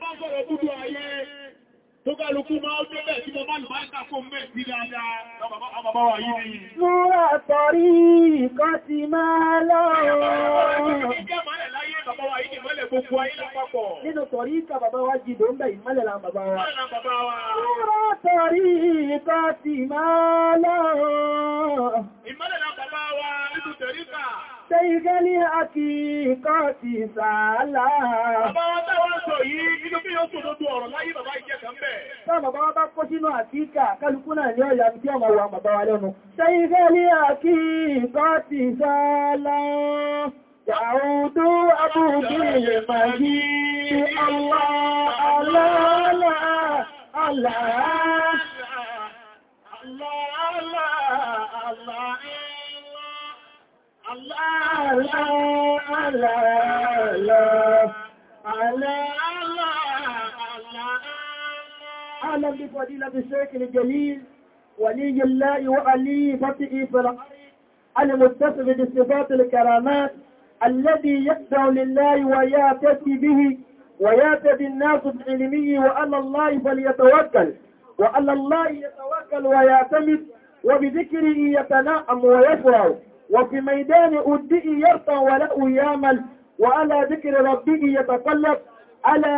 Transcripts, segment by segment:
bá sọ̀rọ̀ búrú ayé tó kálukú máa ń bẹ́bẹ̀ tí mo bá lù máa ń kàkó mẹ́ sí dáadáa àbàbá wà yìí ni. Múra tọ̀rí ìkọ́ ti máa lọ. Nínú tọ̀rí ìkà bàbá wa jìdó ń bẹ̀ ìmọ́lẹ̀ la bàbá wa. Múra tọ̀rí ìkọ́ ti máa lọ. Ìmọ́lẹ̀ la bàbá wa nínú tọ̀rí ìkà. Ṣé igẹ́ ní àkíkọ́ ti sàálà? Bàbá wa táwọn ọ̀rọ̀ yìí nínú bí yóò tòdodo ọ̀rọ̀ láyé bàbá ìjẹ́ kan bẹ̀. Táà bàbá wa bá kó sínú àkíkà kálukú náà ní ọ̀yà tí ọmọ wa bàbá wa lẹ́nu. Sẹ́yìn fẹ́ ní àkíkà ti sálá. Yàúdú abúrúkú ilẹ̀ màjí ti Allah, Allah, Allah, Allah, Allah, Allah, Allah, Allah, Allah, Allah, أهلا بفضيلة الشيخ الجليل ولي الله وخليفته في الأرض المتصف بصفات الكرامات الذي يخضع لله ويعتدي به ويعتدي الناس بعلمه وعلى الله فليتوكل وعلى الله يتوكل ويعتمد وبذكره يتنعم ويفرح وفي ميدان أدئ يرقى ولا يعمل وعلى ذكر ربه يتقلب على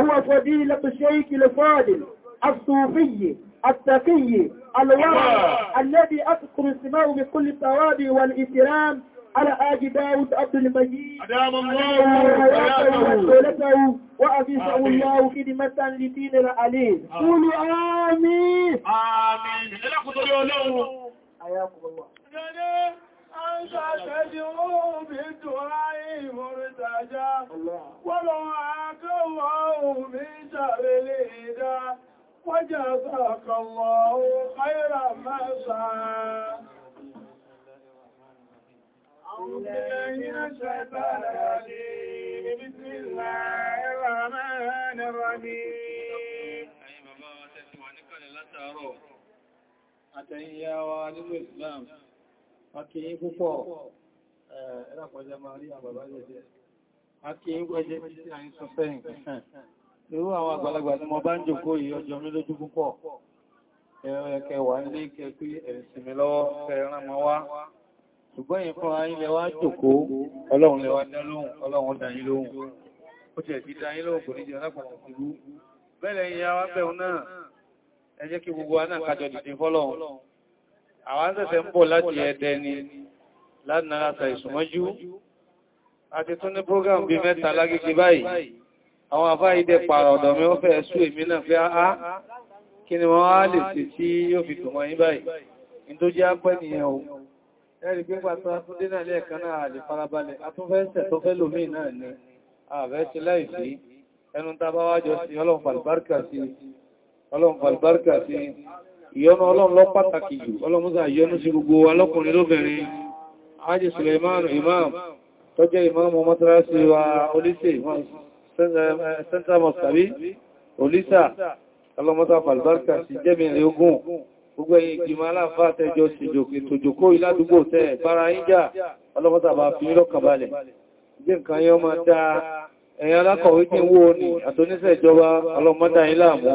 هو فضيلة الشيخ الفاضل الصوفي التقي الورع الذي أذكر اسمه بكل التواضع والإكرام على آج داود عبد المجيد أدام الله وسولته وأفيسه الله خدمة لدين العليم قولوا آمين آمين أنا قلت له أياكم الله تدعو بالدعاء مرتجى ودعاك الله من شر الهدى وجزاك الله خير مسعى أعوذ بالله من الشيطان الرجيم بسم الله الرحمن الرحيم أي بابا وتسوى نكال لا تعرف أتنيا وعلم الإسلام akíyí púpọ̀ ẹ̀rọ̀pọ̀jẹ́ máa rí àbàbá jẹ́jẹ́ akíyí pẹ́jẹ́ tí a ń sọ fẹ́yìn irú àwọn àgbàlagbà tí mo bá ń jòkó yìí ọjọ́ mi lójú púpọ̀ ẹ̀rẹ̀kẹwàá ilé kẹfí ẹ̀sìnmi lọ́wọ́ fẹ́ràn mọ́ wá ṣùgbọ́n yìí fún ayé lẹ́wà jòkó ọlọ́run lẹ́wà dá lóhùn ọlọ́run dá yín lóhùn ó ti ẹ̀sì dá yín lóhùn kò ní jẹ́ alápàá ìlú bẹ́ẹ̀ lẹ́yìn ya wá bẹ̀rún náà ẹ kí gbogbo wa kájọ dìde fọ́lọ́run àwọn tẹ́sẹ̀ ń bọ̀ láti ẹ̀dẹ ni lánàáta ìsùnmọ́jú àti tún ní program bí mẹ́ta lágígí báyìí àwọn àfá ìdẹ pààrọ̀ ọ̀dọ̀ mi wọ́n fẹ́ ẹ̀sù èmi náà fẹ́ á kí ni wọ́n á lè sì tí yóò fi tò wọ́n yín báyìí ní tó jẹ́ apẹ́ ni ààbẹ̀ ti láìsí ẹnu tá bá wájọ sí ọlọ́run fàlùbárkà sí ìyọnu ọlọ́run lọ pàtàkì jù ọlọ́músà ìyọnu sí gbogbo alọ́kùnrin lóbìnrin ajé Suleimanu imam tó jẹ́ imam mọ́tàrásí wa olíṣẹ́ central eh, moscavi olíṣà ọlọ́mọ́ta falbarka sí jẹ́mìnrin ogun gbogbo ẹ̀yin ìgbìmọ̀ aláàfáà tẹjọ sí tòjòkó ìládúgbò tẹ́ bára ìjà ọlọ́mọ́ta bá fi lọ́kàbalẹ̀ gbé nǹkan yọ máa dá ẹ̀yin alákọ̀wé tí ń wó ní àtoníṣẹ́ ìjọba ọlọ́mọ́ta ìlàmú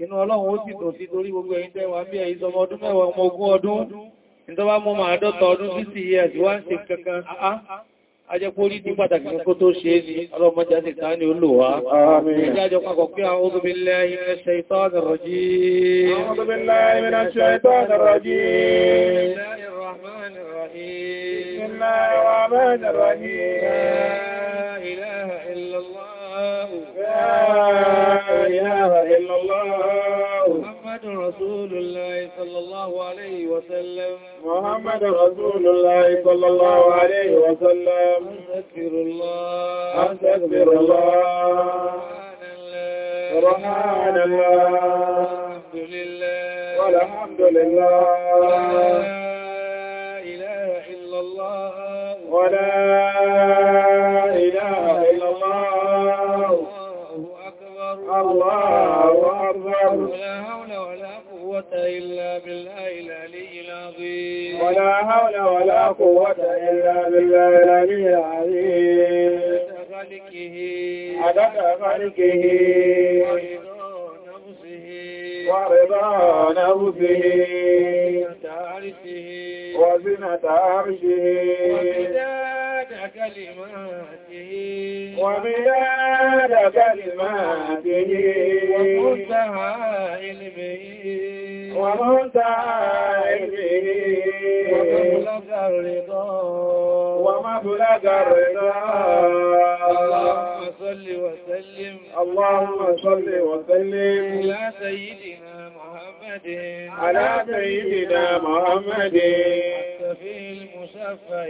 inú ọlọ́run ó sì tó sí torí gbogbo ẹ̀yin tẹ́wà bí ẹ̀yin sọmọ ọdún mẹ́wàá ọmọ ogún ọdún ìjọba mọ́ máa dọ́ta ọdún 60 years wá ń ṣe kankan ajẹ́kórí ní pàtàkì kó tó ṣe ní ọlọ́mọdé àti ìtàní olùwà. Ìjájọ pàkọ̀ pé àwọn obìnlẹ̀ ilẹ̀ رسول الله صلى الله عليه وسلم محمد رسول الله صلى الله عليه وسلم أستغفر الله أستغفر الله سبحان الله الحمد لله والحمد لله لا إله إلا الله ولا إله إلا الله الله أكبر الله أكبر ولا حول ولا قوة إلا بالله العلي العظيم ولا حول ولا قوة إلا بالله العلي العظيم عدد خلقه عدد خلقه ورضا نفسه وزنة عرشه وزنة عرشه كلماته ومداد كلماته ومنتهى علمه ومنتهى علمه ومبلغ الرضا ومبلغ الرضا اللهم صل وسلم اللهم صل وسلم على سيدنا محمد على سيدنا محمد الشفيع المشفع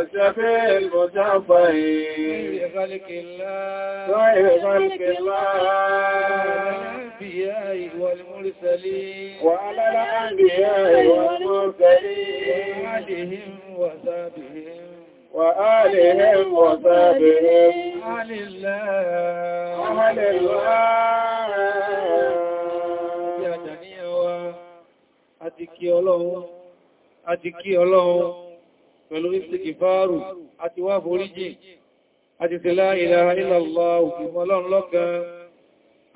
الشفيع المشفع خير خلق الله خير خلق الله الأنبياء والمرسلين وعلى الأنبياء والمرسلين وعليهم وصابهم وآلهم وصابهم أهل الله أهل الله يا دنيا a ti kí ọlọ́run pẹ̀lú istighfaru a ti wá foríjì àti tẹ̀lá ilaha illallah òkùnmọ́ ọlọ́run lọ́kan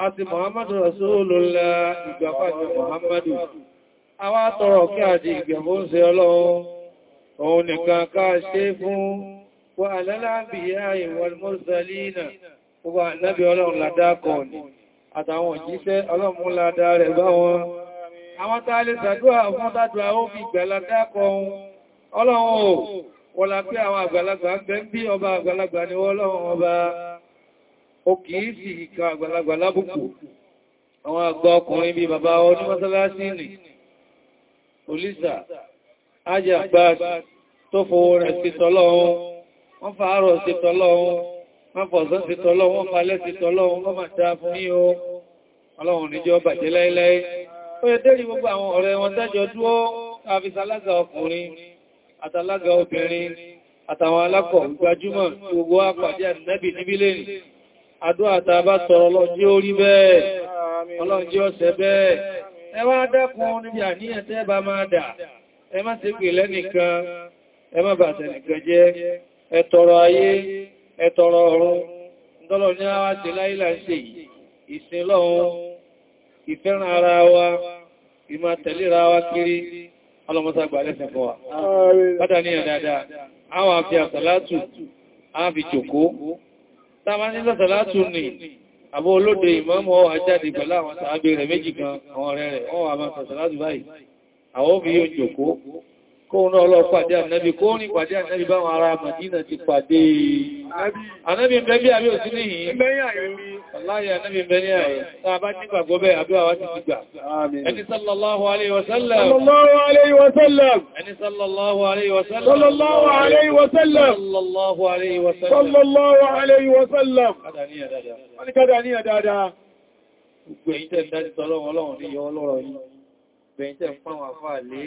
a ti Muhammadu Muhammadu a wá tọrọ kí di ọlọ́run àwọn tàà lè sàdúrà fún tàdúrà ó fi gbẹ̀lágbà kọ ohun ọlọ́run ò wọ́la pé àwọn àgbàlagbà ń bẹ bí ọba àgbàlagbà ni ọlọ́run ọba ó kìí sì ìkà àgbàlagbà lábùkù àwọn àgbà ọkùnrin bí bàbá ọdún mọ́sálásí nì olísà ajàgbà tó fowó rẹ̀ sí tọ́lọ́run wọ́n fàárọ̀ sí tọ́lọ́run wọ́n fọ̀sán sí tọ́lọ́run ó yẹ dérí gbogbo àwọn ọ̀rẹ́ wọn tẹ́jọ dúó àfisalága ọkùnrin àtàlága obìnrin àtàwọn alákọ̀ gbajúmọ̀ gbogbo àpàdé ànẹ́bì níbí lẹ́nì àdúrà àtàbá tọrọ lọ́jí ó rí bẹ́ẹ̀ ọlọ́jí ọ̀sẹ̀ bẹ́ẹ̀ ẹ wá dákun níbi àníyàn tẹ́ bá máa dà ẹ má ṣe pè lẹ́nìkan ẹ má bàtẹ̀ nìkan jẹ́ ẹ tọrọ ayé ẹ ìsìn lọ́hun ìfẹ́ràn ara wa ìmá tẹ̀léra wa kiri ọlọ́mọ́sàgbà lẹ́sìn fún wa bádà ní ẹ̀dáadáa àwọn àfi àsàlátù àfi jòkó tàbá ní àsàlátù ní àbọ̀ olóde ìmáàmù ọwà jáde pẹ̀lú àwọn sàábẹ̀ rẹ̀ méjì kan àwọn ọ̀rẹ́ rẹ̀ wọ́n wà máa àsàlátù báyìí àwọn òfin kóòrùn ọlọ́ pàdé ànábì kóòrùn pàdé ànábì báwọn ará Màdínà ti pàdé ànábì mẹ́bí àbí òsí níyìn aláyé ànábì mẹ́rí àyè tàà bá ní gbàgbọ́ bẹ́ àbí àwá ti gbà ẹni sallallahu alaihi wasallam sallallahu alaihi wasallam ẹni alaihi wasallam sallallahu alaihi wasallam sallallahu alaihi wasallam sallallahu alaihi wasallam kádàníyà dáadáa gbẹ̀yìn tẹ́ ń dájú tọ́lọ́wọ́ ọlọ́run ní yọ ọlọ́rọ̀ yìí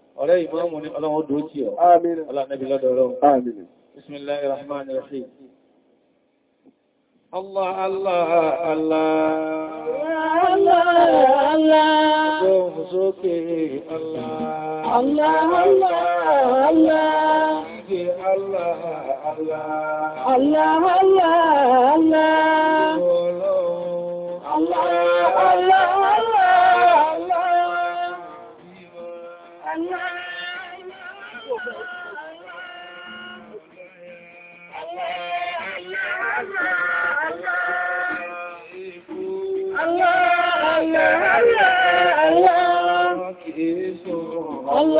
ọ̀rẹ́ ìmọ́mù ní ọlọ́run ó dóòtí ọ̀ alánẹ́bí lọ́dọ̀ ọlọ́run bismillahir rahmanir rahim Allah Allah Allah Allah Allah Ọjọ́ sókè Allah Allah Allah Allah Allah Allah Allah Allah Allah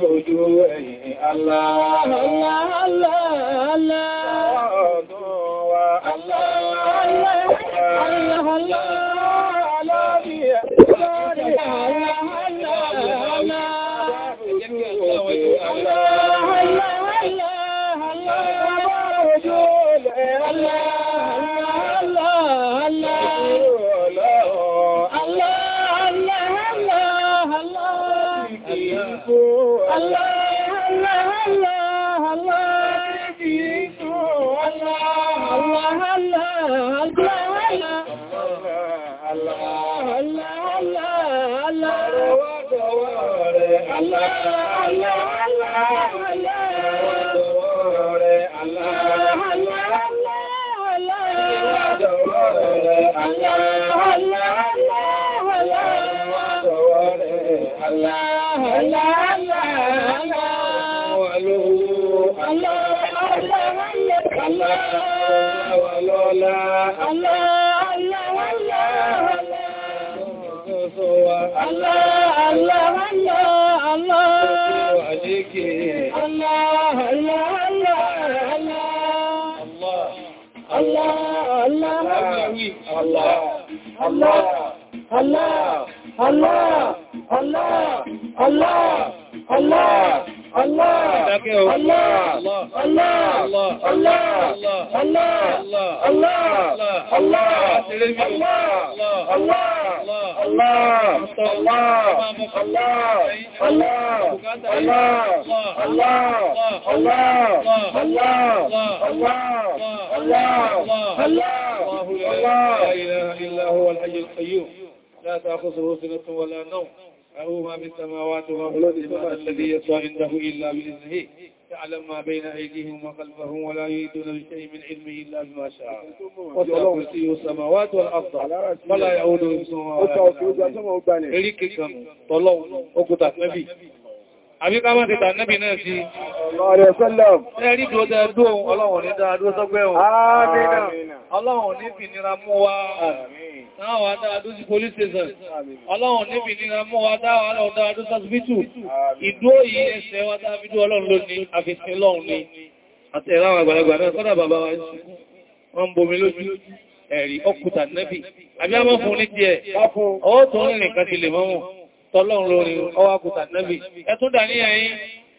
fojú ẹ̀yìn Allah. Allah, Allah, Allah. Allah. Allah, Allah, Allah. الله الله الله الله الله الله الله الله الله الله الله الله الله الله الله الله الله الله لا إله إلا هو الحي القيوم لا تأخذه سنة ولا نوم له ما في السماوات وما في الأرض الذي يسوى عنده إلا بإذنه يعلم ما بين أيديهم وقلبهم ولا يريدون بشيء من علمه إلا بما شاء وسع كرسي السماوات والأرض ولا يعود بسماء ولا يعود بسماء àbí ká má ti tà nẹ́bì náà sí ẹ̀rí tó dẹ́ẹ̀dó ọlọ́run ní dáadó sọ́gbẹ́ ọ̀hún ọlọ́run ní fi nira mú wa náà dáadó sí police station ọlọ́run ní fi nira mú wa dáadó sọ́sibítù ìdó yìí ẹsẹ̀ wa dáadó ọlọ́run ló ní àfihàn lọ́run ní àti ẹ̀rá àwọn àgbàlagbà náà sọ́dà bàbá wa wọ́n ń bomi lójú ẹ̀rí ọkùtà nẹ́bì àbí a mọ́ fún tọ́lọ́run lórí ọwá kùtà náàbì ẹ̀tún dà ní ẹ̀yìn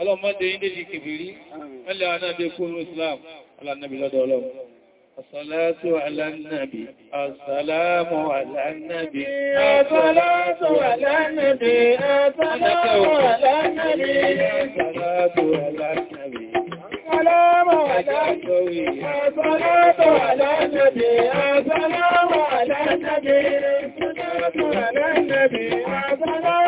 ọlọ́mọdé ilé ní kìbìrí mẹ́lẹ̀ anábí kúrò islam alánàbí lọ́dọ̀ ọlọ́run As-salatu ala an-nabi, as-salamu ala an-nabi, as-salatu ala an-nabi, as-salamu ala an-nabi, as-salatu ala an-nabi, as-salamu ala an-nabi, as-salatu ala an-nabi, as-salamu ala an-nabi, as-salatu ala an-nabi, as-salamu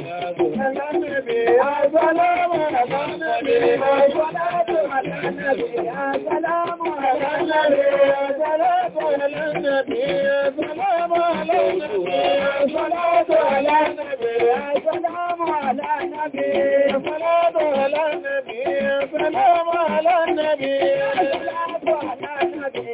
Salamu ala nabi, salamu ala nabi,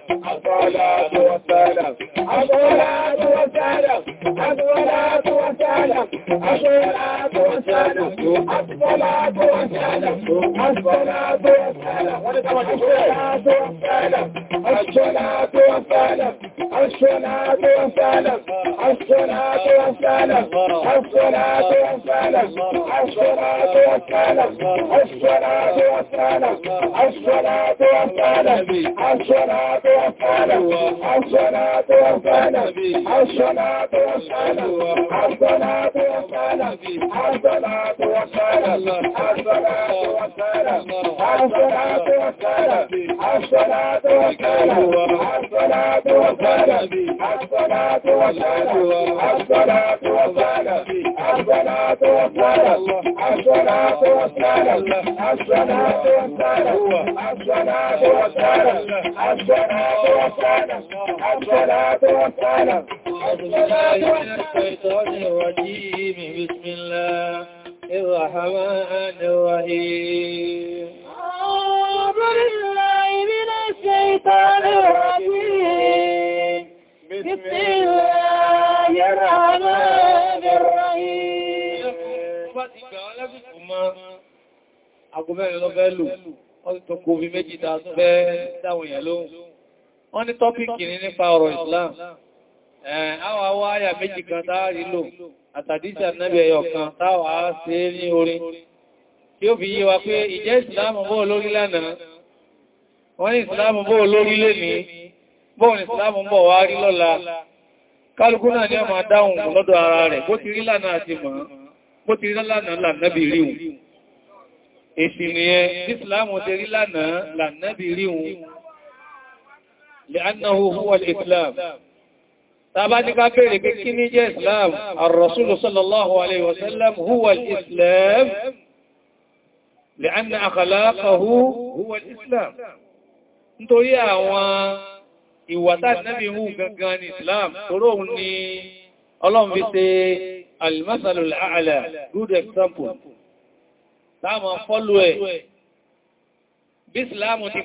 الصلاة والسلام الصلاة والسلام الصلاة الصلاة والسلام وسلم الصلاة وسلم الصلاة وسلم الصلاة وسلم الصلاة وسلم الصلاة وسلم الصلاة وسلم الصلاة وسلم الصلاة وسلم الصلاة وسلم الصلاة وسلم الصلاة وسلم الصلاة وسلم الصلاة وسلم الصلاة وسلم الشيطان الرجيم الرجيم بسم الله الرحمن الرحيم أعوذ بالله من الشيطان الرجيم بسم الله الرحمن الرحيم Agbọ́mẹ́rin lọ fẹ́ lò, wọ́n ti tọkọ omi méjì dáwọn èèyàn lóhun. Wọ́n ní tọ́pìkì ní nípa ọ̀rọ̀ ìsìláàmù. Àwọn àwọ́ àyà méjì kan táàrí lò, àtàdísà náàbì ẹyọ kan táwà ṣe ní orin tí ó fi yí wa pé ìjẹ́ ìsìláàmù bọ́ lórí lánàá wọ́n ní ìsìláàmù bọ́ lórí lẹ́ni bọ́ọ̀ ní ìsìláàmù bọ́ wá rí lọ́la kálukú náà ní ọmọ adáhùn lọ́dọ̀ ara rẹ̀ bó ti rí lánàá àti mọ̀ bó ti rí lánàá lànàbì tàbá ní ká bèèrè pé kí ní jẹ́ islam ar-rasulu sallallahu alaihi wasallam huwa al-islam li'anna akhlaqahu huwa al-islam nítorí àwọn ìwàtà náàbí hù gangan ní islam tóró òun ni ọlọ́run fi ṣe good example táàmà fọ́lù ẹ̀ bí islam ti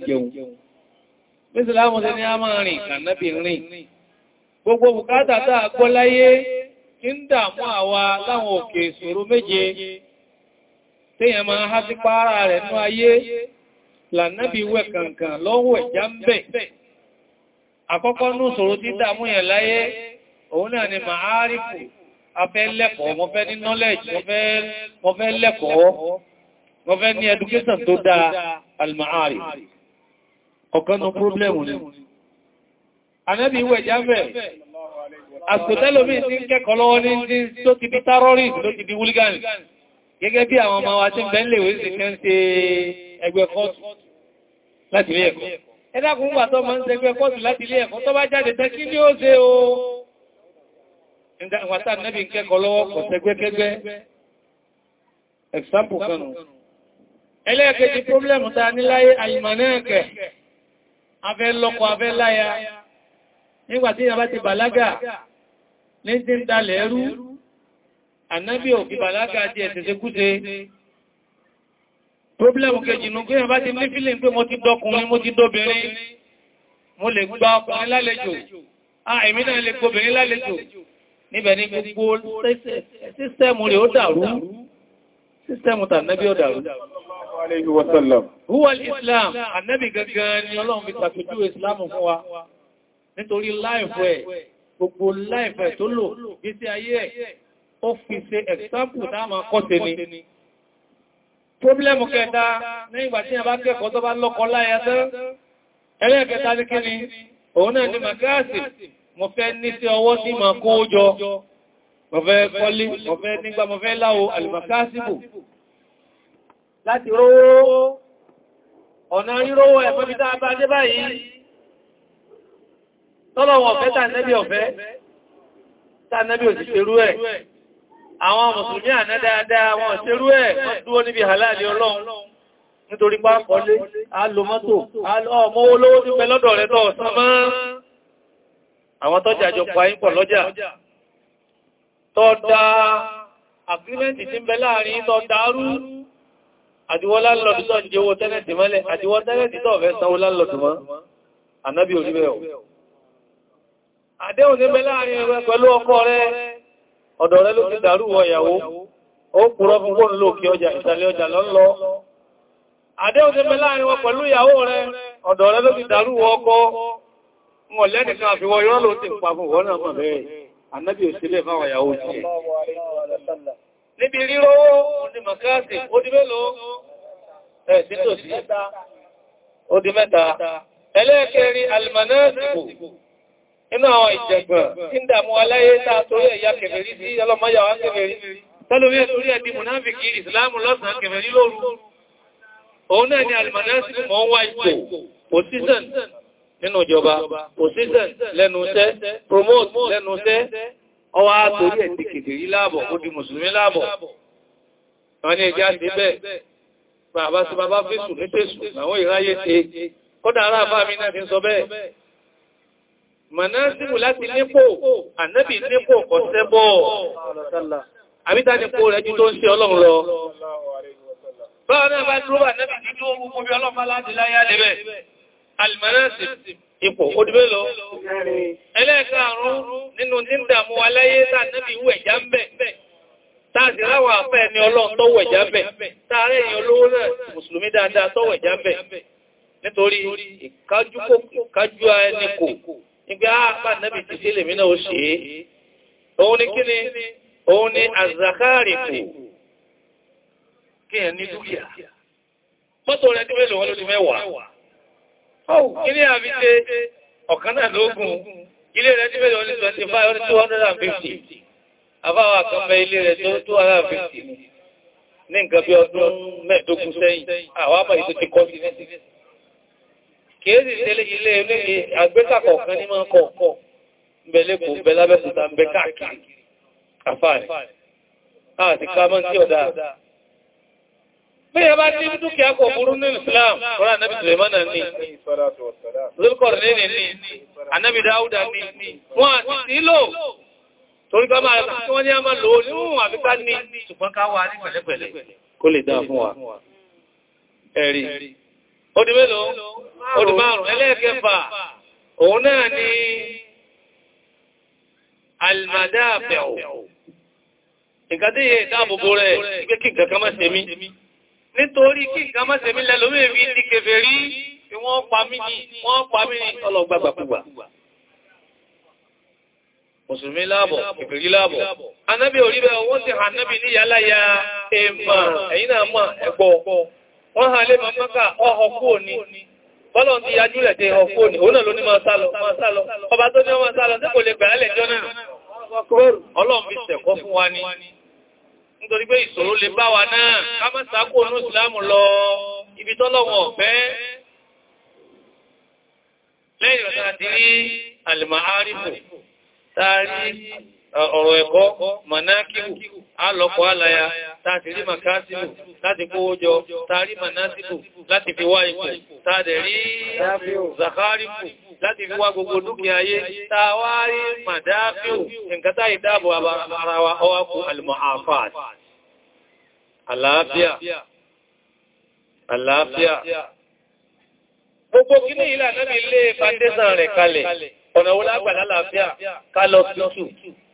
fẹ́ Mísìlámù sí ni a máa rìn kànábì rìn. Gbogbo bùkátà tá a gbọ́ láyé kí ń dààmú àwa láwọn òkè ìṣòro méje téèyàn máa há sí pàárà rẹ̀ ní ayé lànábì wẹ̀ kànkàn lọ́wọ́ ẹ̀já ń bẹ̀. Àkọ́kọ́ ní ìṣòro tí dààmú yẹn láyé, òun náà ni màárìfù, knowledge, mo fẹ́ lẹ́kọ̀ọ́, mo fẹ́ education tó al-ma'arif ọ̀kanú púrúblẹ̀mù ni anẹ́bí ìwẹ̀ jáfẹ́ àsòtẹ́lòmí tí ń kẹ́kọ̀ọ́ lọ́wọ́ ní tí tó ti bí tárọ́rì ló ti di wúlígánì gẹ́gẹ́ bí àwọn ọmọ wa tí ń bẹ́ńlẹ̀ wé sí kẹ́ ń ṣe ẹgbẹ́ kọ́ọ̀tù láti ilé ẹ̀kọ́ ẹ̀dàkùn ń gbàtọ́ ma ń ṣe ẹgbẹ́ kọ́ọ̀tù láti ilé ẹ̀kọ́ tó bá jáde tẹ́ kí ni ó ṣe o ìgbàtà nẹ́bí ń kẹ́kọ̀ọ́ lọ́wọ́ kọ̀ sẹ́gbẹ́kẹ́gbẹ́ example kanu ẹlẹ́ẹ̀kejì problem ta níláyé àyìmọ̀ náà kẹ̀ afẹ́ lọ́kọ afẹ́ láya nígbàtí ìyàbá ti bàlágà ní tí ń dalẹ̀ ẹrú ànábí òfin bàlágà àti ẹ̀sẹ̀sẹ̀ kúse problemu kejì nù pé ìyàbá ti nífílẹ̀ pé mo ti dọkùnrin mo ti dóbìnrin mo lè gba ọkùnrin lálejò ah èmi náà sísẹ́mù tàbí ọ̀dàrú. Huwa al-Islam, annabi gangan ni Ọlọ́run fi tàkójú Ìsìlámù fún wa nítorí láìfù ẹ̀, gbogbo láìfù ẹ̀ tó lò bí sí ayé ẹ̀, ó fi ṣe example dáàmà kọ́sẹ̀ ni. Problemu kẹta, nígbà tí a bá kẹ́kọ̀ọ́ tó bá lọ́kọ láyátẹ́, ẹlẹ́ẹ̀kẹta mọ̀fẹ́ kọ́lé mọ̀fẹ́ nígbà mọ̀fẹ́ láwo alìmọ̀kásíbò láti rówó ọ̀nà rírówó ẹ̀fẹ́ bí táa bá dé báyìí tọ́lọ̀wọ̀ ọ̀fẹ́ tànẹ́bí ọ̀fẹ́ tànẹ́bí ò sì ṣerú ẹ̀ àwọn mùsùlùmí àná dáadáa wọn ṣerú ẹ̀ wọ́n dúró níbi hàláàlì ọlọ́run nítorí pá kọlé alòmọ́tò ọmọ olówó ti pẹ lọ́dọ̀ rẹ̀ lọ́ọ̀sán mọ́ àwọn tọ́jà àjọpọ̀ ayípọ̀ lọ́jà tọ́dá agreement tí ń bẹ láàrin tọ́dárú àdíwọ́ lálọ́dù tọ́ jẹ́ owó tẹ́lẹ̀tì mọ́lẹ̀ àdíwọ́ tẹ́lẹ̀tì tọ́ fẹ́ sanwó lálọ́dù mọ́ ànábì oríbẹ̀ ọ̀ àdéhùn ní bẹ láàrin rẹ ọkọ rẹ ọ̀dọ̀ rẹ ló ti dàrú wọ ìyàwó ó kúrọ Annabi ò sílẹ̀ fáwọn ìyàwó jẹ́. Níbi ríro ó ní Makasi, ó di mélòó? Ẹ sí tò sí. Ó di mẹ́ta. Ẹlẹ́ẹ̀kẹ́rin Almanasiku, inú àwọn ìjẹ̀gbọ̀n tí ń dàmú aláyé táa torí ẹ̀yà kèfèrí sí ọlọ́mọ́yà wá kèfèrí. Tẹ́lórí ẹ̀ torí ẹ̀dí Mùnáfìkì Ìsìláàmù lọ́sàn-án kèfèrí lóru. Òun náà nínú ìjọba position lẹ́nu iṣẹ́ promote lẹ́nu iṣẹ́ ọwá torí ẹ̀tì kèkèrí láàbọ̀ ó di mùsùlùmí láàbọ̀ wọ́n ní ẹjá sí bẹ́ẹ̀ bàbá sí bàbá fèsù ní tèsù àwọn ìráyé tẹ kọ́dà ará àbá mi náà fi sọ bẹ́ẹ̀ mọ̀násíwù láti nípò ànábì nípò kọ̀sẹ́bọ̀ àbíta nípò rẹ̀ jú tó ń ṣe ọlọ́run lọ báwọn náà bá dúró ànábì nípò gbogbo bí ọlọ́run láti láyá lẹ́bẹ̀ẹ́ alìmọ̀lẹ́sì ipò òdúbé lọ. Ẹlẹ́ẹ̀kàrún nínú tí ń dàmú aláyé tàbí wẹ̀já ń bẹ̀. Táàsì láwà afẹ́ ni ọlọ́run tó wẹ̀já bẹ̀. Táàrẹ èèyàn olówó náà Mùsùlùmí dáadáa tó wẹ̀já bẹ̀. Nítorí ìkájú ẹni kò, ìgbé àpá nẹ́bì ti sílè mí náà ṣe Mọ́tò rẹ̀ tí mélòó wọn ló ti mẹ́wàá. Oh, ilé àbíté ọ̀kan náà lógún, ilé rẹ̀ níbẹ̀ lọ ní 25, ní 250. Àbáwà kan bẹ ilé rẹ̀ tó 250 ní nǹkan bí ọdún mẹ́ẹ̀dógún sẹ́yìn, àwọn àbáyé tó ti kọ́ sí ní. Kèézi tẹ́lẹ̀ ilé olóògbé àgbékàkọ̀ kan ní máa kọ̀ọ̀kọ̀, bẹ̀lẹ́kùn bẹ̀lábẹ̀kùn tàbí káàkiri, àfáàrí. Àti ká mọ́ sí ọ̀dá Bí ẹ bá ní dúkìá kò burú ní Islam, ọ̀rọ̀ Anábì Sulaimana ní, Zulkarnaini ní, Anábì Dáúdà ní, wọ́n àti sílò, torí ká máa tí wọ́n ní a máa lò ní òun àfikà ní, ṣùgbọ́n ká wà ní pẹ̀lẹ́pẹ̀lẹ́, kó lè dáa fún wa. Ẹ̀rí, ó di mélòó, ó di márùn nítorí kí nǹkan mọ́ sẹ̀mí lẹ́lómí èmi ti kèfè rí tí wọ́n pa mí ní wọ́n pa mí ní ọlọ́gbàgbàkúgbà mùsùlùmí láàbọ̀ kèfèrí láàbọ̀ anábì orí bẹ́ẹ̀ wọ́n ti hàn nábì ní yálàyà èèmà ẹ̀yìn náà mọ̀ ẹ̀gbọ́ wọ́n hàn lé mamaka ọ̀họ̀ kúò ní bọ́lọ̀ ti yájú rẹ̀ tẹ ọ̀họ̀ kúò ní òun náà ló ní máa nítorí pé ìṣòro lè bá wa náà ká má sákò ní ìsìlámù lọ ibi tọ́lọ̀wọ̀ ọ̀fẹ́ lẹ́yìn rẹ̀ tàbí ní alìmọ̀-árífò tàbí ọ̀rọ̀ ẹ̀kọ́ mọ̀nákíwù alọ́kọ̀ alaya tààtì rí makásíbù láti kówó jọ tààrí manásíbù láti fi wá ipò tààdẹ̀ rí zakarifu láti fi wá gbogbo dúkìá ayé tàwárí madáfíù nǹkan táì dáàbò ara wa ọwákù almu'afat àlàáfíà àlàáfíà gbogbo kíní ìlànà ilé fàndésàn rẹ̀ kalẹ̀ ọ̀nà wọlá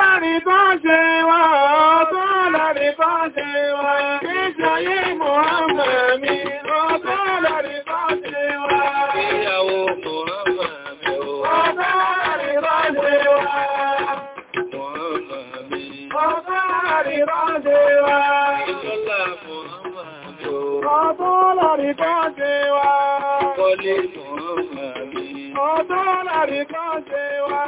láàrin bá ṣe wà ọ̀tọ́ láàrin bá ṣe wà ìṣàyé Muhammad mi ọ̀tọ́ láàrin bá ṣe wà ìyàwó Muhammad mi ọ̀tọ́ láàrin bá ṣe wà Muhammad mi ọ̀tọ́ láàrin bá ṣe wà ìṣọ́lá Muhammad mi ọ̀tọ́ láàrin bá Ọdún lárí kan ṣe wá.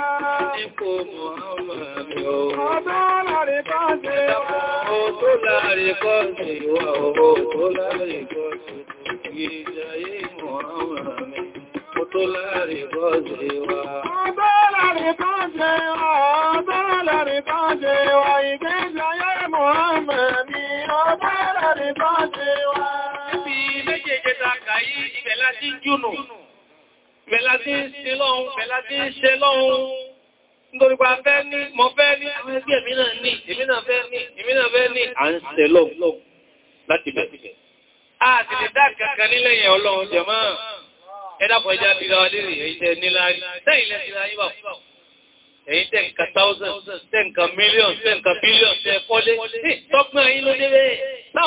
Ipò Muhammad yóò. Ọdún lárí kan ṣe wá. Ọdún lárí kan ṣe wá. Ọdún lárí kan ṣe wá. Ìjà yìí Muhammad. Ọdún lárí kan ṣe wá. Ọdún lárí kan ṣe wá. Ọdún lárí kan ṣe wá. Ìjà yìí Muhammad. Ọdún lárí kan ṣe wá. Ibi ilé jẹjẹta kàí ìbẹ̀ láti jùnù. Bẹ̀lá tí ń ṣe lọ́hun, bẹ̀lá tí ń ṣe lọ́hun, nítorí pa fẹ́ ní, mọ fẹ́ ní, àwọn ẹgbẹ́ mi náà ní, èmi náà fẹ́ ní, èmi náà fẹ́ ní, à ń ṣe lọ́hun láti bẹ̀rẹ̀. A ti lè dá kankan nílẹ̀ yẹn ọlọ́run jẹ máa, ẹdàpọ̀ ẹjá bí ra lérè ẹ̀yìnlẹ̀ níláàrí, tẹ́yìn lẹ́sìn ayé wà fún ẹ̀yìn tẹ́ǹkà thousand, tẹ́ǹkà million, tẹ́ǹkà billion, tẹ́ẹ̀kọ́lé, tọ́gbọ́n ẹ̀yìn ló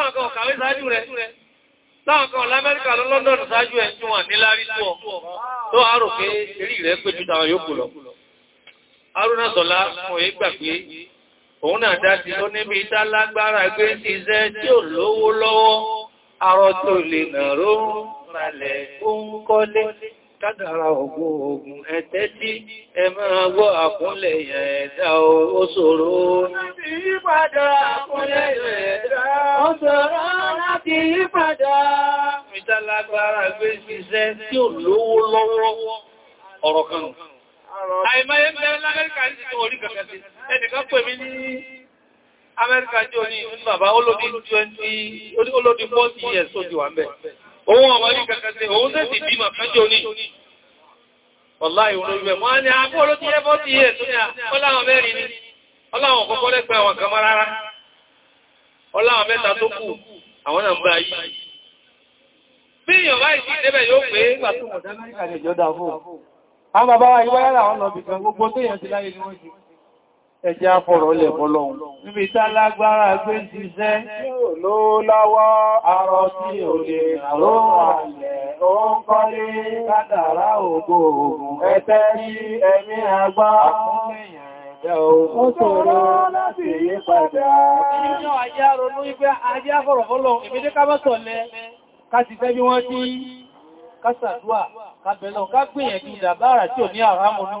ọ̀kàwé sáájú rẹ̀, Táwọn kan l'Amẹ́ríkà lọ London ṣáájú ẹ̀ tí wọ́n ní lárí tó ọ, tó àrò pé eré rẹ̀ pé jù tàwọn yòókù lọ. Arúnà Sọ̀lá mọ̀ é gbà pé òun náà dáti ló níbi ìdá lágbára gbé sí tí ò lówó lọ́wọ́, kádàrà ògbò ogun ẹ̀tẹ́ tí ẹ máa gbọ́ àkúnlẹ̀ ẹ̀dá ó ṣòro láti yípadà àkúnlẹ̀ ẹ̀dá ó ṣòro láti yípadà ìtàlágbára gbé ṣiṣẹ́ tí ò lówó lọ́wọ́ ọ̀rọ̀ kan àìmáyé ń bẹ́rẹ̀ l'Amẹ́ríkà ní years Owó ọmọ ní kẹkẹsẹ, òun tẹ́ ní. ìwẹ̀, ti ẹbọ́ ti yẹ tó ní ah, ọláwọn mẹ́rin ni. Ọláwọn kọ́kọ́ lẹ́gbẹ̀ẹ́ àwọn kan rárá. Ọláwọn mẹ́ta tó kù, àwọn náà ń yìí. Bí yóò pé ẹjẹ́ afọ̀rọ̀ ilẹ̀ bọ́lọ́un. Níbi tá lágbára gbé jíṣẹ́ ló láwọ́ arọ tí ò lè rọ àlẹ̀ ó ń kọ́lé kádàrá ògbò ògùn ẹ̀tẹ́ sí ẹ̀mí agbá Ó sọ̀rọ̀ láti yí padà. Ìjọ́ àjá ronú ipẹ́ ajé afọ̀rọ̀ fọ́lọ̀, ìbídé ká bá sọ̀lẹ̀, gbìyànjú ìdàbára tí ò ní àrámọ́nú.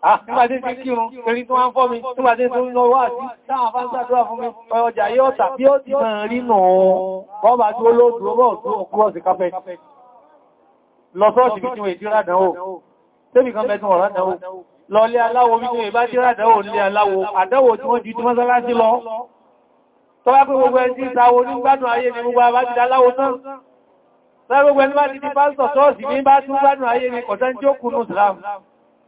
Ah, nígbàtí ti kírun, torí tó wọ́n fọ́ mi, nígbàtí tó ń lọ wá sí, táwọn bá ń sàdúrà fún mi, ọjà yóò tà bí ó ti hàn rí nù ọ́, wọ́n bá tí ó lóòdù ọmọ ọ̀tún òkú ọ̀sẹ̀ kápẹ́. Lọ sọ́ọ̀sì bí tí wọ́n ìdíra dánwò, tébì kan bẹ́tún ọ̀rá dánwò. Lọ lé aláwo bí tí wọ́n ìbá díra dánwò lé aláwo, àdánwò tí wọ́n ju tí mọ́sálásí lọ. Tọ́wá pé gbogbo ẹni tí ìsáwo ní gbádùn ayé ni gbogbo àbájú aláwo náà. Lágbogbo ẹni bá ti di pásítọ̀ sọ́ọ̀sì ní bá tún gbádùn ayé ni kọ̀tẹ́ tí ó kùnú ìsìlámù.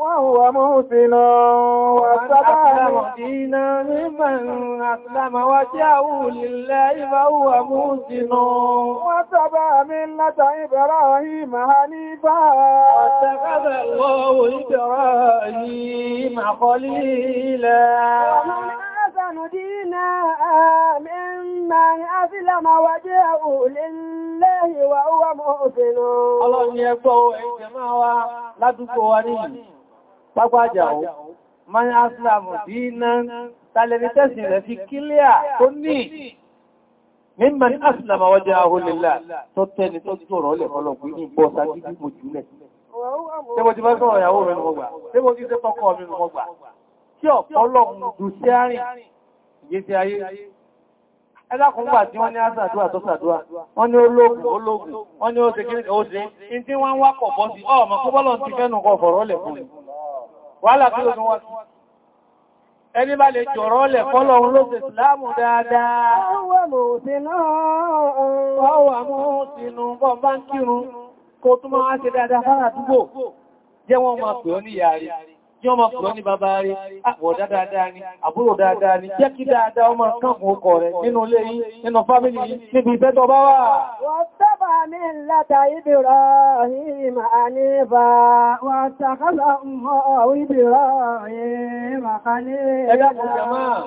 وهو محسن ومن دينا ممن أسلم وجهه لله فهو محسن واتبع ملة إبراهيم حنيفا واتخذ الله إبراهيم خليلا دينا ممن أسلم وجهه لله وهو محسن الله يقوى إجماعا لا تقوى pápájà ó ma ní asìlàmù bí iná tàlẹ̀rítẹ́sì rẹ̀ fi kílíà tó ní mímọ̀ ní asìlàmù wọ́jẹ́ ahólélà tó tẹ́ni tó tí ọ̀rọ̀ lẹ̀ fọ́lọ̀kù ní bọ́ sagídí mo jùlẹ̀ tí mo ti bá sọ̀rọ̀ ìyàwó rẹ̀ mọ́gbà tí mo ti tẹ́ tọ́kọ mi mọ́gbà tí ọ̀pọ̀lọ̀kùn dùn sí àárín ìgbésí ayé ẹlákùngbà tí wọ́n ní àṣàdúwà tó ṣàdúwà wọ́n ní ológun ológun wọ́n ní ó ṣe kí ó ṣe in tí wọ́n wá pọ̀ bọ́ sí ọmọ kó ti fẹ́nu kọ fọ̀rọ̀ lẹ̀ fún ẹ̀ wàhálà tí ó wọ́n sí ẹni bá lè jọ̀rọ̀ lẹ̀ fọ́lọ̀ ohun ló ìsìláàmù dáadáa ọwọ́ mú sínú bọ́ bá ń kírun kó túnmọ́ á ṣe dáadáa fára àdúgbò jẹ́ wọ́n máa pè ó ní yàrí tí ó máa pọ̀ ní bàbá rí àpọ̀ ah, dáadáa ni àbúrò dáadáa ni jẹ́ kí dáadáa ọmọ kànkùn ọkọ̀ rẹ̀ nínú ilé yìí nínú fámílì yìí níbi ìfẹ́ tó bá wà. wọ́n sábà ní láta Ibrahim àníbà wọ́n sàkálà mọ́ Ibrahim àníbà. ẹgbẹ́ kò jẹ́ máa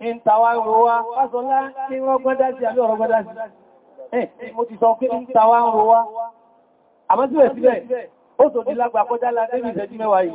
ń tàwà rò wá fásọlá ní wọ́n gbọ́dá sí àbí ọ̀rọ̀ gbọ́dá sí. mo mẹ́wàá yìí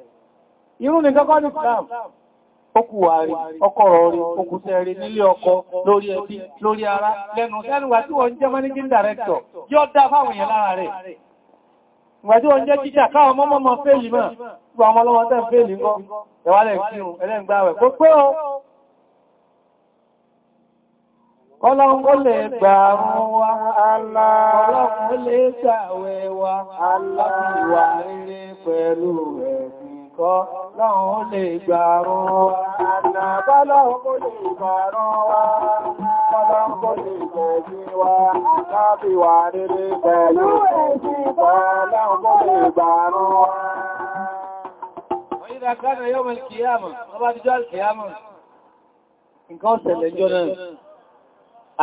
irun nìkan kọ́ ní Islam okù wàrí ọkọ̀ rọrí okù tẹ́rí nílé ọkọ lórí ẹbí lórí ara lẹ́nu sẹ́nuwà tí wọ́n jẹ́ managing director yóò dá fáwọn èèyàn lára rẹ̀ ìgbà tí wọ́n jẹ́ jíjà káwọn mọ́mọ́ mọ́ fẹ́lì mọ́ gbogbo àwọn ọlọ́wọ́ tẹ́ fẹ́lì ńkọ́ ẹ̀wàlẹ̀ kírun ẹlẹ́gbàwẹ̀ kó pé gbàgbọ́ lọ́hun ó lè gbàrún wa àdàbá lọ́hun kó lè gbàrún wa lọ́hun kó lè gbẹ̀bí wa láti wà rere pẹ̀lú ẹ̀sìn wa lọ́hun kó lè gbàrún wa. Wọ́n yí dákàrà yóò mẹ́lì kìíyàmọ̀, ọba àdíjọ́ àlìkìíyàmọ̀, nǹkan ọ̀sẹ̀lẹ̀ jọ náà.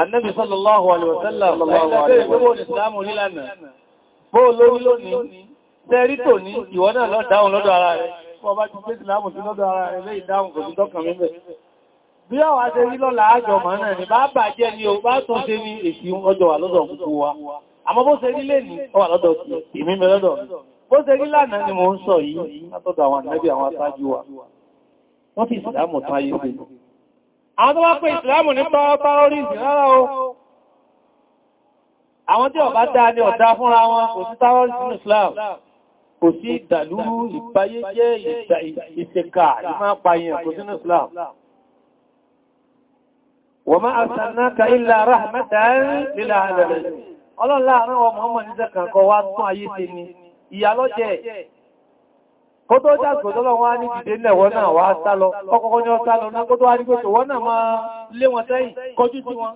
Annabi sallallahu alaihi wasallam sallallahu alaihi wasallam. Bó lórí lónìí, tẹ́rí tò ní ìwọ náà lọ dáhùn lọ́dọ̀ ara rẹ̀ bọ́bá ti gbé ìsìlámù sí lọ́dọ̀ ara rẹ̀ lé ìdáhùn kò sí tọ́kàn mímẹ̀. Bí ọwà ṣe rí lọ́la àjọ mọ̀ náà ni bá bàjẹ́ ni o bá tún ṣe ní èsì ọjọ́ wà lọ́dọ̀ gbogbo wa. Àmọ́ bó ṣe rí lè ní ọwà lọ́dọ̀ ìmí mi lọ́dọ̀. Bó ṣe rí lánàá ni mò ń sọ yìí látọ̀dọ̀ àwọn ànábì àwọn aṣáájú wa. Wọ́n fi ìsìlámù tán ayé ṣe. Àwọn tó wá pé ìsìlámù ní pàápàá orí ìsìn rárá o. Àwọn tí ọ̀bá dáa ni ọ̀dá fúnra wọn kò kò sí ìdàlúrú ìbáyé jẹ́ ní ìmá pàyàn kò sínú Islam. Wa ma arsalnaka illa rahmatan lil alamin. Ọlọ́lá àrán wa ayé tó jàgbò ní dìde ilẹ̀ wọn náà ọkọ̀kọ́ ni ọ wọ́n náà máa lé wọn sẹ́yìn, kọjú wọn.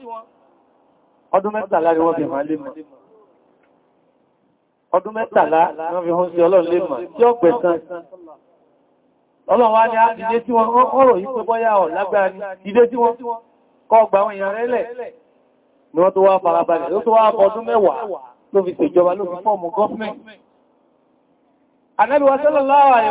Ọdún mẹ́ta máa lé ọdún mẹ́tàlá wọ́n fi hún sí ọlọ́run lè mọ̀ tí ó gbẹ̀sán ọlọ́run wá ní ìdé tí wọ́n ọ̀rọ̀ yìí pé bọ́yá ọ̀ lágbára ní ìdé tí wọ́n kọ́ gba àwọn èèyàn rẹ̀ lẹ̀ ni wọ́n tó wá farabalẹ̀ ló tó wá ọdún mẹ́wàá ló fi ṣèjọba ló fi fọ́ọ̀mù gọ́fmẹ̀ntì Ànábì wa sallallahu alaihi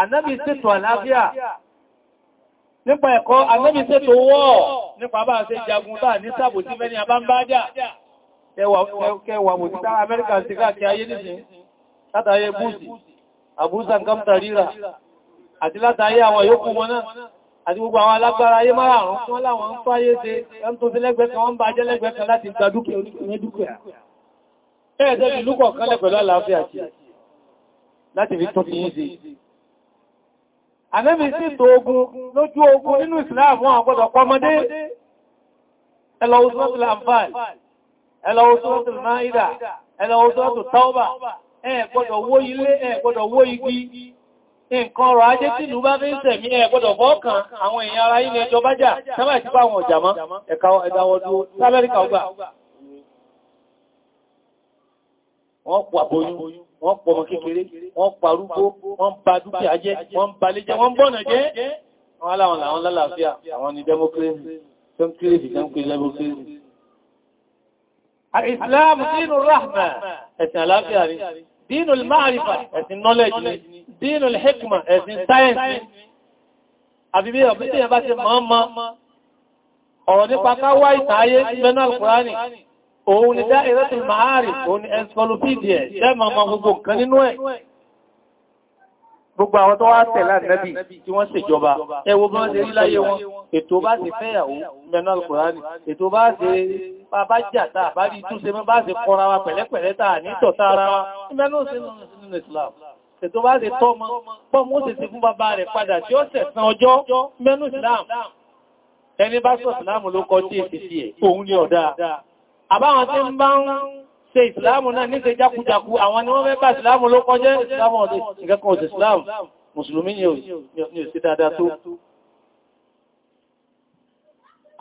Ànábì ṣètò àlàáfíà nípa ẹ̀kọ́, Ànábì ṣètò wọ́ nípa bá ṣe jagun táà ní sàbò sí mẹ́ni àbámbájá. Kẹwà mò títà Amẹ́ríkà sí káàkiri ayé nìsìn, látàáyé Búùsì, Àbúsà Gámtà ríra, àti látàáyé àwọn yòókù wọn náà, àti gbogbo àwọn alágbára ayé márààrún tí wọ́n láwọn ń fáyé ṣe, ẹn tó sí lẹ́gbẹ́ kan, wọ́n bá jẹ́ lẹ́gbẹ́ kan láti gba dúkìá oníkìní dúkìá. Bẹ́ẹ̀ tẹ́bi lúkọ̀ àlàáfíà sí, láti fi tọ́ Ànábì sí tó ogun lójú ogun nínú Islam wọn àgbọ́dọ̀ pọmọdé. Ẹlọ́wọ́ sọ́tùl Anfal, ẹlọ́wọ́ sọ́tùl Maida, ẹlọ́wọ́ sọ́tùl Tauba, ẹ gbọ́dọ̀ wó ilé, ẹ gbọ́dọ̀ wó igi. Nǹkan ọrọ̀ ajé tí ìlú bá fi ń sẹ̀mí ẹ gbọ́dọ̀ fọ́ọ̀kan àwọn èèyàn ara ilẹ̀ ẹjọ́ bá jà, sábà ìsípá àwọn ọjà mọ́, ẹ̀ka ẹ̀dáwọ́dú sábẹ́ríkà ọgbà. Wọ́n pọ̀ àbóyún wọ́n pọ̀ ọmọ kékeré wọ́n parúgbó wọ́n ba dúkìá jẹ́ wọ́n ba lé jẹ́ wọ́n bọ́nà jẹ́ wọ́n aláwọn làwọn lálàáfíà àwọn ni democracy tó ń kéré bí kán kéré democracy al-islam dínú rahma ẹ̀sìn àlàáfíà rí dínú al-ma'rifa ẹ̀sìn knowledge rí dínú al-hikma ẹ̀sìn science àbíbí ọ̀bí tí yẹn bá ti mọ́ ọ̀rọ̀ nípa ká wá ìtàyé mẹ́nà al-Qur'ani òun ni dá ìrẹ́tù màárì òun ni encyclopedia ṣẹ́mà ma gbogbo nǹkan nínú ẹ̀ gbogbo àwọn tó wá tẹ̀lá nẹ́bì tí wọ́n ṣèjọba ẹwọ bọ́n ṣe rí láyé wọn ètò bá ṣe fẹ́yàwó mẹ́nà alkùnrání ètò bá ṣe bá jà tàà bá rí túnṣe mẹ́ bá ṣe kọra wa pẹ̀lẹ́pẹ̀lẹ́ tàà ní tọ̀ta wa Islam ètò bá ṣe tọ́mọ pọ́mọ́ sì ti fún bàbá rẹ̀ padà tí ó sẹ̀sán ọjọ́ mẹ́nà Islam ẹni bá sọ̀sìlámù ló kọjú èsì ẹ̀ òun ni ọ̀dá àbáwọn tí ń bá ń ṣe ìsìláàmù náà ní ṣe jákújákú àwọn ni wọ́n mẹ́bà ìsìláàmù ló kọjẹ́ ìsìláàmù ọ̀dẹ́ ìkẹ́kọ̀ọ́ ọ̀dẹ́ ìsìláàmù mùsùlùmí ni ò sí dáadáa tó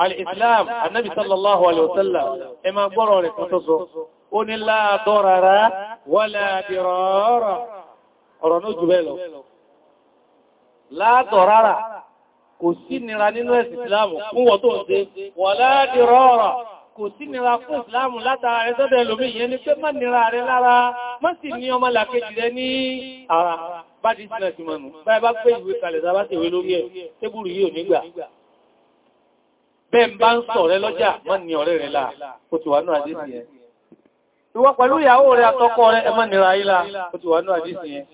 al-islam annabi sallallahu alaihi wasallam ẹ ma gbọ́rọ̀ rẹ̀ kan tó sọ ó ní la darara wala ọ̀rọ̀ náà jù bẹ́ẹ̀ lọ la darara kò sí nira nínú ẹ̀sìn ìsìláàmù fún wọ́n tó ń ṣe wala dirara kò sí nira fún ìsìláàmù látara rẹ̀ sọ́dọ̀ ẹlòmí ìyẹn ni pé má nira rẹ̀ lára má sì ní ọmọ làkejì rẹ̀ ní ara bá ti sílẹ̀ sí mọ̀nù báyìí bá pé ìwé kalẹ̀ sábá ti wé lórí ẹ̀ tébùrù yìí ò nígbà bẹ́ẹ̀ bá ń sọ̀ rẹ lọ́jà má ní ọ̀rẹ́ rẹ̀ láà ó ti wà ní àdísì yẹn ìwọ pẹ̀lú ìyàwó rẹ̀ àtọkọ rẹ̀ ẹ má nira yìí láà ó ti wà ní àdísì yẹn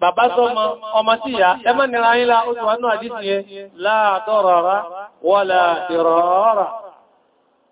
bàbá sọmọ ọmọ sí ìyá ẹ má nira yìí láà ó ti wà ní àdísì yẹn láà dọ́rọ̀ra wọ́lá ìrọ̀rọ̀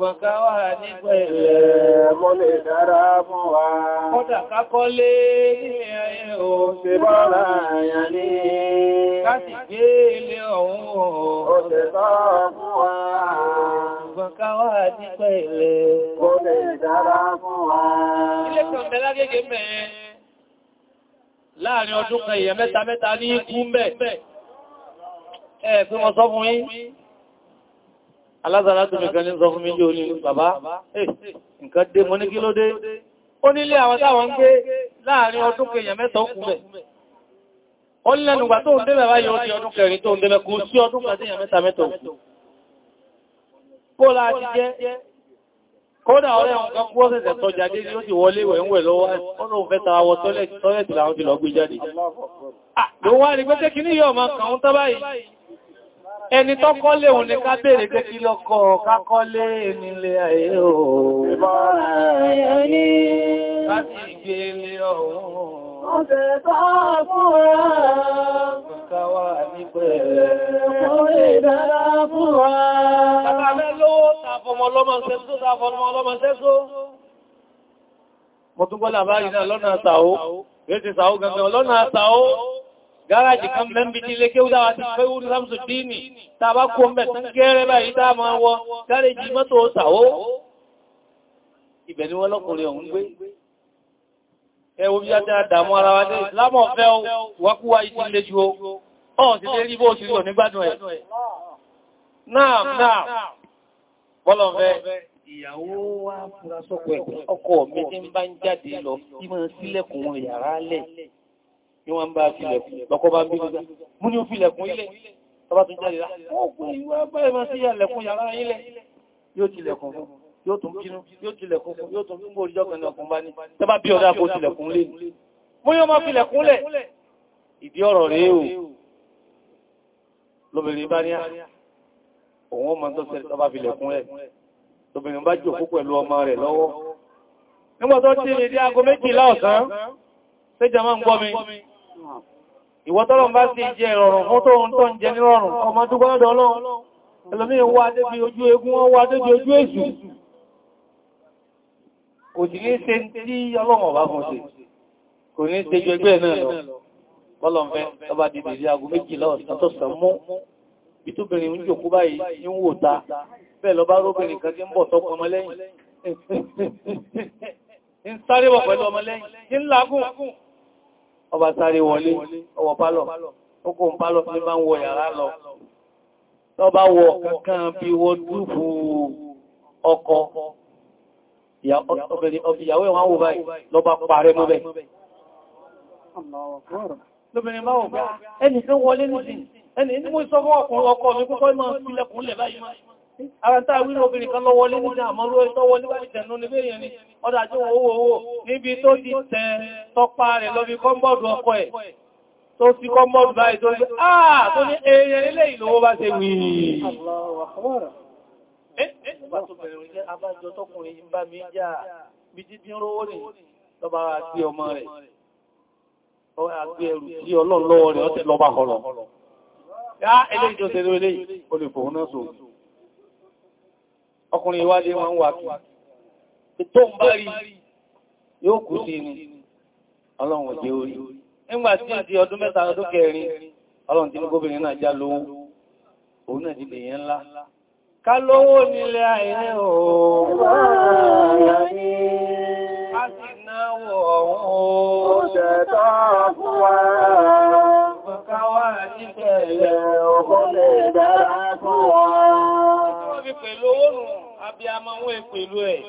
Ìfọ̀ká wà nípa ilẹ̀ mo dára mọ́ wa. Kọ́dà kákọ́lé ní ẹ̀yìn o. Ṣe bọ́ra àyà ní. Káti gbé ilé ọ̀hún o. Ó ṣe tọ́ fún wa. Ìfọ̀ká wà nípa ilẹ̀ mo lè dára mọ́ wa. Ilé kan bẹ lágége mẹ́ láàrin ọdún kan ìyẹ̀ mẹ́ta mẹ́ta ní ikú mẹ́. Ẹ pé wọ́n sọ fún yín alázàrá tó nìkan ní sọ fún mi yóò ní bàbá nǹkan dé mọ́ ní kí ló dé ó nílé àwọn táwọn ń gbé láàrin ọdún kèèyàn mẹ́ta òkú bẹ̀ ó lẹ́nùgbà tó ń débẹ̀ báyìí ó di ọdún kẹrin tó ń débẹ̀ kò sí ọdún kan téèyàn mẹ́ta mẹ́ta òkú kó láti jẹ́ kódà ọ̀rẹ́ nǹkan kú ọ́sẹ̀sẹ̀ tọjà dé ní ó sì wọlé ìwẹ̀ ń wẹ̀ lọ́wọ́ ọ̀nà òfẹ́ tara wọ tọ́lẹ̀tì láwọn ti lọ gbé jáde ah, ló wá rí pé kí ní yọ ọmọ kàn ń tọ́ báyìí ẹni tó kọ́lé òun ni ká bèèrè pé kí lọ́kọ́ ká kọ́lé nílé ayé ooo. Láti ìgbé ilé ọ̀hún. Ọ̀sẹ̀ bá fún wa. Kọ̀kọ́wà ní pẹ̀lẹ̀. Kọ́lé dára fún wa. Tàbá mẹ́ lówó tàfọmọ ọlọ́mọ sẹ́só tàfọmọ ọlọ́mọ sẹ́só. Mo tún gbọ́lá báyìí náà lọ́nà àtàó. Gẹ́ẹ̀tì sàó gangan lọ́nà àtàó gáràjì kan bẹ́m̀bí tí ilé kéwú dáwà ti fẹ́ orí sámsù dínì tàbá kó mẹ́ tán gẹ́rẹ́ báyìí tá máa wọ gáràjì mọ́tò sàwó ibẹ̀ ni wọ́n lọ́kùnrin ọ̀hún gbé ẹwọ bí jáde àdàmú ara wa ní ìsìlámọ̀ fẹ́ wákúwá ìsìn lé ju ó sì lé rí bó sì rí onígbádùn ẹ̀ náà náà bọ́lọ̀fẹ́ ìyàwó wa fura sọ́kọ̀ ọkọ mi tí ń bá ń jáde lọ sí sílẹ̀kùn yàrá lẹ̀ ni wọ́n bá filẹ̀kùn lọ́kọ́ bá ń bí lọ́dá mú ní ó filẹ̀kùn ilẹ̀ tọba tó jáde yóò tilẹ̀kùn fún yóò bá ní tọba bí ọdá kó ọmọ tó sẹ́rẹ̀ tọba filẹ̀kùn lẹ̀ lóbìnrin bá jòkó pẹ̀lú ọmọ rẹ̀ lọ́wọ́ nígbà tó tí ìdí aago méjìlá ọ̀sán tẹ́jọ máa ń gbọ́ mi ìwọ tọ́lọ́run bá sì jẹ ìrọ̀rùn fún tó ń tọ́ ń jẹ nírọ̀rùn ọmọ tó gbọ́dọ̀ ọlọ́run ẹlòmí wà débi ojú egun wọ́n wà débi ojú èṣù kò sì ní ṣe tí ọlọ́run ọ̀bá fún ṣe kò ní ṣe jọ ẹgbẹ́ náà lọ bọ́lọ̀mfẹ́ tọba dìde rí aago méjìlá ọ̀sán tó sàn mú ìtúbìnrin ń jòkú báyìí ń wò ta bẹ́ẹ̀ lọ bá róbìnrin kan tí ń bọ̀ tọ́pọ̀ ọmọlẹ́yìn ń sáré wọ̀ pẹ̀lú ọmọlẹ́yìn ń lágùn ọba sáré wọlé ọwọ̀ pálọ̀ ókò ń pálọ̀ tí bá ń wọ yàrá lọ tó bá wọ kankan bí wọ́n dúfù ọkọ ìyàwó ẹ̀wọ̀n wò báyìí lọ bá parẹ́ mọ́ bẹ́ẹ̀ lóbìnrin máa wọ̀ bá ah, ẹnì kan wọlé nìsìn ẹnì ní mú ìsọ́gọ́ ọkùnrin ọkọ mi púpọ̀ ìmọ̀ ìpínlẹ̀kùnlẹ̀ báyìí àwọn táà wílò obìnrin kan lọ wọlé níjà àmọ́rú ẹ̀tọ́ wọlé wà ìtẹ̀nú ní bèèrè ni ọdá jí wọn owó owó níbi tó di tẹ tọpa rẹ̀ lọ bí kọ́mbọ̀dù ọkọ ẹ̀ tó fi kọ́mbọ̀dù báyìí tó ní àà tó ní èèyàn ilé ìlówó bá ṣe wìí Ya ilé ìjọsẹ̀ lórí olùfòhún náà sóòrùn. ọkùnrin ìwádé wọn wà kí tó ń bá rí yóò kú sí ni ọlọ́run jẹ́ orí nígbà tí di ọdún mẹ́ta ọdún kẹrin ọlọ́run tí ní gómìnà náà já lówó òun náà dìde yẹn ńlá ká lówó abíamọ́ wọ́n èpèlú ẹ̀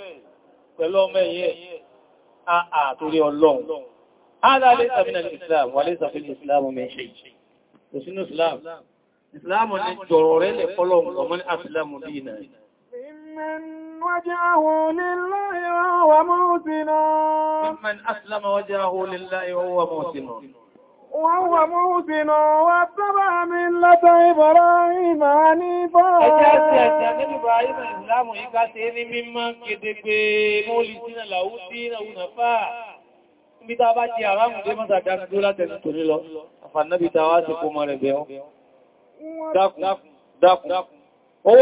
pẹ̀lú ọmọ ẹ̀yẹ àtòrí ọlọ́run. Hádá lè sàmínà ìsìlám wà lè sàfin ìsìlám omi ṣe. Kò sínú ìsìlám. Ìsìlám ni jọ̀rọ̀ rẹ̀ lẹ̀ fọ́lọ́run ọmọ ní àfìlámù bí ìnà. Mimman aslama wajahu lillahi wa huwa وهو محسن واتبع ملة إبراهيم حنيفا Ẹjẹ́ àti ẹ̀sẹ̀ àti Ibrahim Ìsìlámù yìí ká ṣe ní mímọ́ kedegbe mọ́lì sínà làú sí ìrànà fáà. Níbi ta bá ti àrámù dé mọ́ta dákùn látẹ̀sù tó nílọ, àfànàbí ta wá ti kó mọ́ rẹ̀ bẹ̀ọ́. Dákùn, dákùn, dákùn. Owó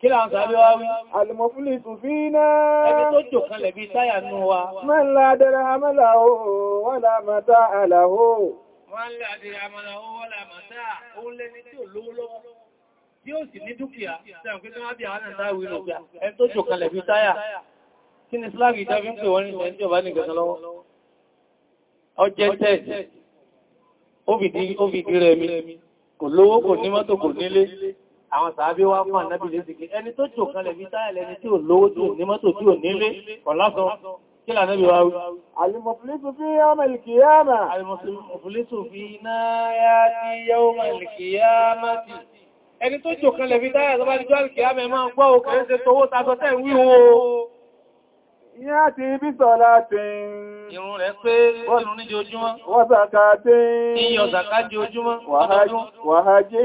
Kí là sàbí wá wí? Àlùmọ̀fúnlé tún fi iná. Ẹni tó jò kan lẹ̀bí táyà nú wa. Mọ́lá dára amọ́lá wọ́n lá mọ́ta àlàó. Mọ́lá dára wọ́n lá mọ́ta, tí ò lówó lọ́wọ́ tí ó sì ní dúkìá tẹ́wọ̀n pé tó wá bí àwọn ẹ̀dá àwọn sàábí wá fún ànábì lésìkí ẹni tó jò kan lẹ̀bí táyẹ̀ lẹni tí ò lówó tí ò ní mọ́tò tí ò nílé ọ̀lásọ kí lànábì wá wí alìmọ̀fúlésù fi yọ́mà ìlìkìyàmà alìmọ̀fúlésù fi náyà tí yọ́mà ìlìkìyàmà ti ẹni tó jò kan lẹ̀bí táyẹ̀ Yá ti bí sọ́lá tí irun rẹ̀ pé irun ní ojoojúmọ́. Wọ́n zàká tí iyọ̀ zàká di ojúmọ́ ọdọọdún. Wàhájí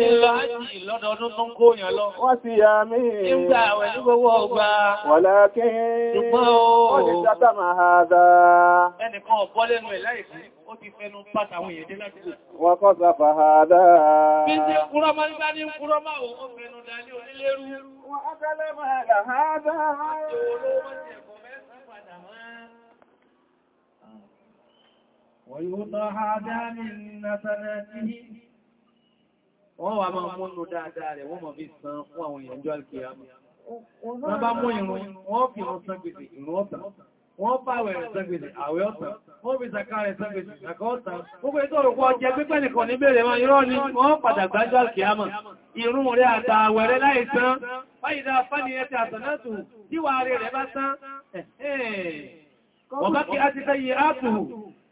lọ́dọọdún tó ń kó yàn lọ. Wọ́n sì yà mí. Ìgbà àwẹ̀ ní gbogbo ọgbà. Wàlákín. Ṣùgbọ́n o. Wọ́n ti sátà máa ha dá. Ẹnìkan ọ̀pọ̀ lẹ́nu ẹ̀ láìsí ó ti fẹnu pàtàwọn èdè láti lè. Wọ́n kọ́ sàfà ha dáa. Bí i ṣe kúrọ máa ń gbá ní kúrọ máa ò fẹnu dání onílérú. Wọ́n á fẹ́lẹ́ máa ويوطى هذا من نسناته wọ́n wà máa múnú dáadáa rẹ̀ wọ́n mọ̀ bí san fún àwọn ìyànjọ́ alkiyama wọ́n bá mú ìrun wọ́n fi wọ́n san gbèsè ìrun ọ̀tàn wọ́n pàwẹ̀ rẹ̀ san gbèsè àwẹ̀ ọ̀tàn wọ́n fi zaka rẹ̀ san gbèsè zaka ọ̀tàn gbogbo ètò òrùkú ọjẹ́ pípẹ́ nìkan ní bèèrè wọn irọ́ ni wọ́n padà gbájọ́ alkiyama ìrun rẹ̀ àtàwẹ̀ rẹ̀ láì san báyìí dáa fániyẹ́ ti àtànátù tíwà rẹ̀ bá san ẹ̀ẹ́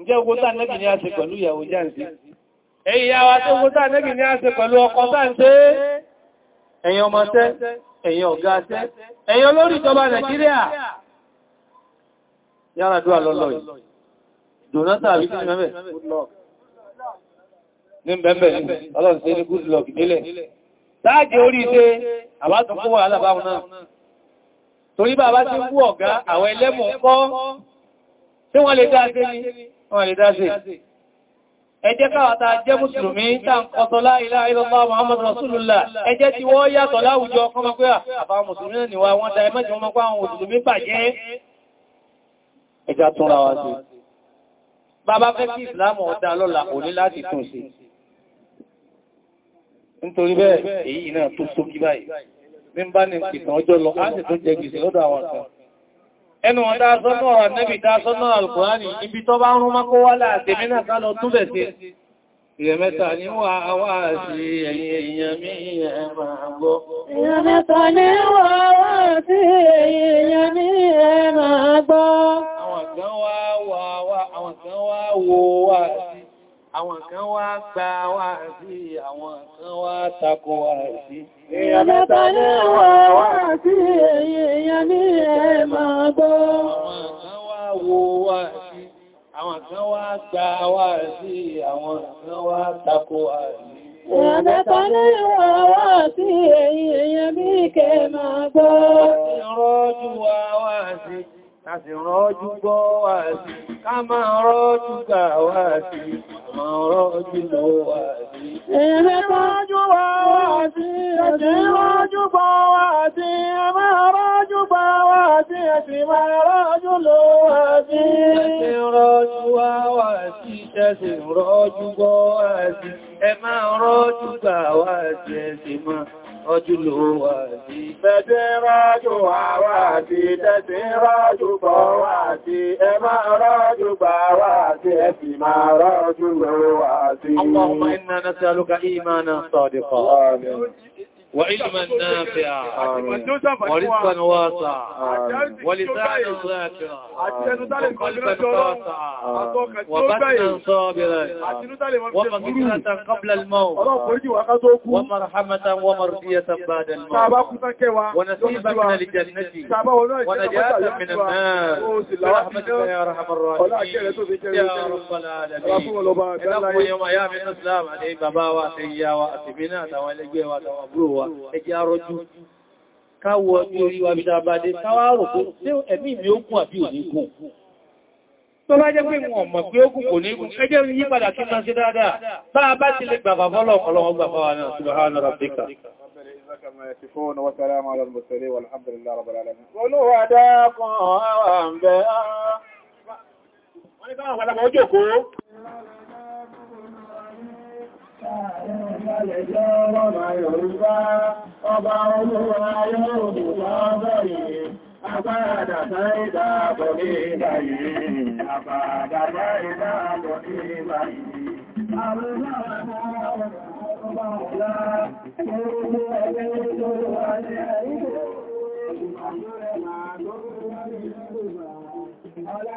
Ǹjẹ́ ogun tá nẹ́bì ní a ṣe pẹ̀lú ìyàwó jáǹsí? Ẹ̀yìn yàwó tó ogun tá nẹ́bì ní a ṣe pẹ̀lú ọkọ sáǹṣẹ́, ẹ̀yin ọmọṣẹ́, ẹ̀yin ọ̀gáṣẹ́, ẹ̀yin olórí ìjọba Nàìjíríà. Yára dúà lọ́lọ́ yìí. Jonathan àbí kí ni mẹ́bẹ̀? Ní bẹ̀m̀bẹ̀ ní, ọlọ́run ṣe ní good luck nílẹ̀. Táàjì orí ìṣe, àbátún kó wà lábáhùn náà. Torí bàbá ti ń kú ọ̀gá, àwọn ẹlẹ́mọ̀ ń kọ́, tí wọ́n lè dáa sí ni, wọ́n lè dáṣe ẹ jẹ́ káwàtà jẹ́ mùsùlùmí tàn kọsọ la ilaha illallah muhammadu rasulullah ẹ jẹ́ tí wọ́n yàtọ̀ láwùjọ kọmọ pé àbá mùsùlùmí náà níwà wọ́n da ẹmẹ́jì wọn mọ́kọ́ àwọn mùsùlùmí bàjẹ́ ẹjá tún ra wá sí bàbá fẹ́ kí ìsìlámù ọ̀dá lọ́la kò ní láti tún ẹnu wọn dáasọ́nà ànẹ́bì dáasọ́nà alkùránì ibi tó bá ń rún mọ́kó wá láàtẹ̀ mínà ká lọ túnbẹ̀ sí ìrẹ̀ mẹ́ta ní wà wá sí ẹ̀yìn èèyàn mí ní wà gbọ́ àwọn kan wá gba wá sí àwọn kan wá tako wá sí èèyàn mẹ́ta ní wà wá sí èèyàn ní ẹ máa gbọ́ àwọn kan wá wo wá sí àwọn kan wá gba wá sí àwọn kan wá tako wá sí èèyàn ní wà wá sí èèyàn ní kẹ máa gbọ́ ìrọ́jú wá wá sí ká sì rọ́jú gbọ́ wà sí ká máa rọ́jú gbà wà sí máa rọ́jú lọ wà sí ẹ̀rẹ́ rọ́jú wà wà sí ẹ̀sì rọ́jú gbọ́ wà sí ẹ̀mẹ́ rọ́jú gbà wà sí ẹ̀sì máa rọ́jú lọ máa رجل وادي بدراج ووادي تدراج بوادي امراج بوادي اتمراج ووادي اللهم انا نسألك ايمانا صادقا وعلما نافعا ورزقا واسعا ولسانا ذاكرا وقلبا خاشعا وبطنا صابرا ومغفرة قبل الموت ومرحمة ومرضية بعد الموت ونسيبا من الجنة ونجاة من النار برحمتك يا رحم الراحمين يا رب العالمين يوم ايام الاسلام عليه بابا وأتي بنا تولي وتوبروا wa ẹjẹ́ arọ́jú káwọ ọjọ́ orí wa bídá bá dé káwàrò pé tí ẹ̀mí mi ó kún àbí ò ní kún tó bá jẹ́ pé wọn mọ̀ pé ó kún kò ní kún ẹjẹ́ yí padà kí máa ṣe dáadáa bá a bá ti lè gbàgbà fọ́lọ̀ ọ̀pọ̀lọpọ̀ gbàgbà wa náà subhana rabbika Wọ́n ni bá àwọn àgbàlagbà ojú òkú. Ìjọ́ ọmọ Yorùbá, ọba olúwa yóò bù lọ́gbọ̀ yìí, àpáàdà sáìdá bọ̀ ní ìgbà yìí, àpáàdà sáìdá bọ̀ ní ìgbà yìí. Àwọn ọmọ ọ̀la, orúkú ẹgbẹ́ tó wà ní àìkò, ìgbàjúrẹ́ máa lọ́gbọ̀n ní ìgbà. Ọlá